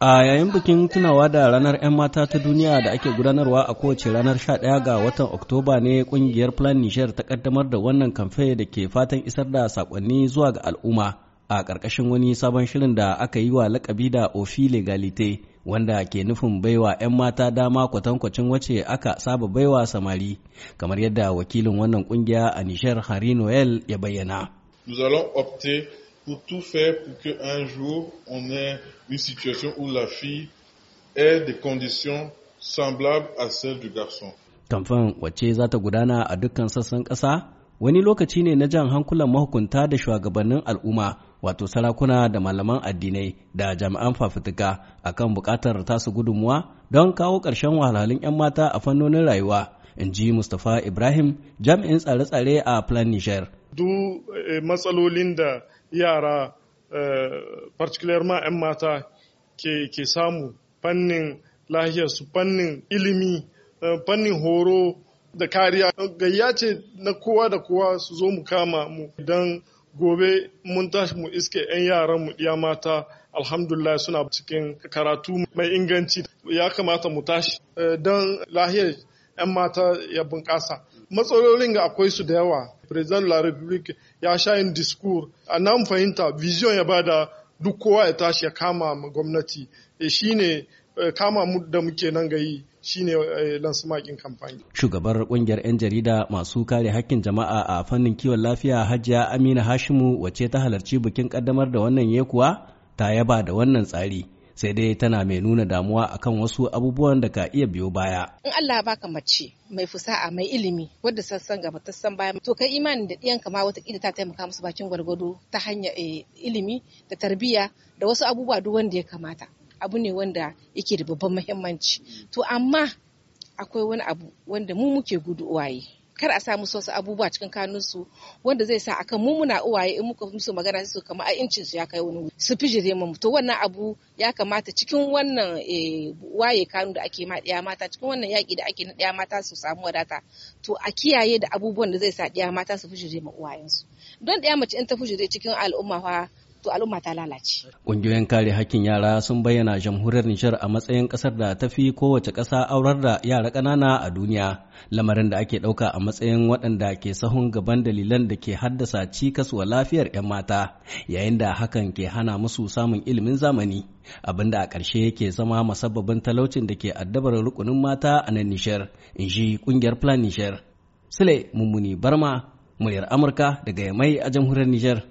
A yayin bikin tunawa da ranar 'yan mata ta duniya da ake gudanarwa a kowace ranar 11 ga watan Oktoba ne kungiyar Plan Niger ta kaddamar da wannan kamfe da ke fatan isar da sakonni zuwa ga al'umma a ƙarƙashin wani sabon shirin da aka yi wa lakabi da Ofi Legalite wanda ke nufin baiwa 'yan mata dama kwatankwacin wace aka saba baiwa samari kamar yadda wakilin wannan kungiya a Niger harinoel Noel ya bayyana. nous allons opter pour tout faire pour qu'un jour, on ait une situation où la fille ait des conditions semblables à celles du garçon. wacce za ta gudana a dukkan sassan ƙasa wani lokaci ne na jan hankulan mahukunta da shugabannin al'umma wato sarakuna da malaman addinai da jami'an fafutuka a kan buƙatar tasu gudunmuwa don kawo ƙarshen wahalhalun 'yan mata a fannonin rayuwa in ji mustapha ibrahim jami'in tsare-tsare a plan niger duk eh, matsalolin da yara eh, particularly 'yan mata ke samu fannin su fannin ilimi eh, fannin horo da kariya gayya ce na kowa da kowa su zo mu kama mu idan gobe mun tashi mu iske 'yan yaran mu ɗiya mata alhamdulillah suna cikin karatu mai inganci ya kamata mu tashi don lahiyar 'yan mata ya bunƙasa. Matsalolin ga akwai su da yawa. President La Republique ya sha yin diskur, a nan fahimta vision ya bada duk kowa ya tashi ya kama gwamnati. E shi ne eh, kama mu da muke nan gayi shi ne eh, lansumakin kamfani. Shugabar kungiyar 'yan jarida masu kare hakkin jama'a a fannin kiwon lafiya Hajiya Amina Hashimu wacce ta halarci bikin kaddamar da wannan yekuwa ta yaba da wannan tsari. sai dai tana mai nuna damuwa akan wasu abubuwan da ka iya biyo baya. In Allah baka mace mai fusa'a mai ilimi wadda sassan gaba ta san baya to kai imani da ɗiyanka ma ƙila ta taimaka musu bakin gwargwado ta hanyar eh, ilimi da tarbiyya da wasu abubuwa duk wanda ya kamata abu ne wanda yake da babban muhimmanci to amma akwai wani abu wanda mu muke gudu waye. kar a sa musu wasu abubuwa cikin kanunsu wanda zai sa akan mu muna uwaye in muka musu magana su kamar a incin su ya kai wani su fijire mu to wannan abu ya kamata cikin wannan eh, waye kanu da ake ma ɗaya mata cikin wannan yaƙi da ake na ɗaya mata su samu wadata to a kiyaye da abubuwan da zai sa ɗaya mata su fijire ma uwayensu don ɗaya mace in ta fijire cikin al'umma fa to al'umma ta lalace. Ƙungiyoyin kare hakkin yara sun bayyana jamhuriyar Nijar a matsayin ƙasar da ta fi kowace ƙasa aurar da yara ƙanana a duniya, lamarin da ake ɗauka a matsayin waɗanda ke sahun gaban dalilan da ke haddasa cikas wa lafiyar 'yan mata, yayin da hakan ke hana musu samun ilimin zamani, abin da a ƙarshe ke zama masababin talaucin da ke addabar rukunin mata a nan Nijar, in ji ƙungiyar Plan Nijar. Sule Mummuni Barma, muryar Amurka daga Yamai a jamhuriyar Nijar.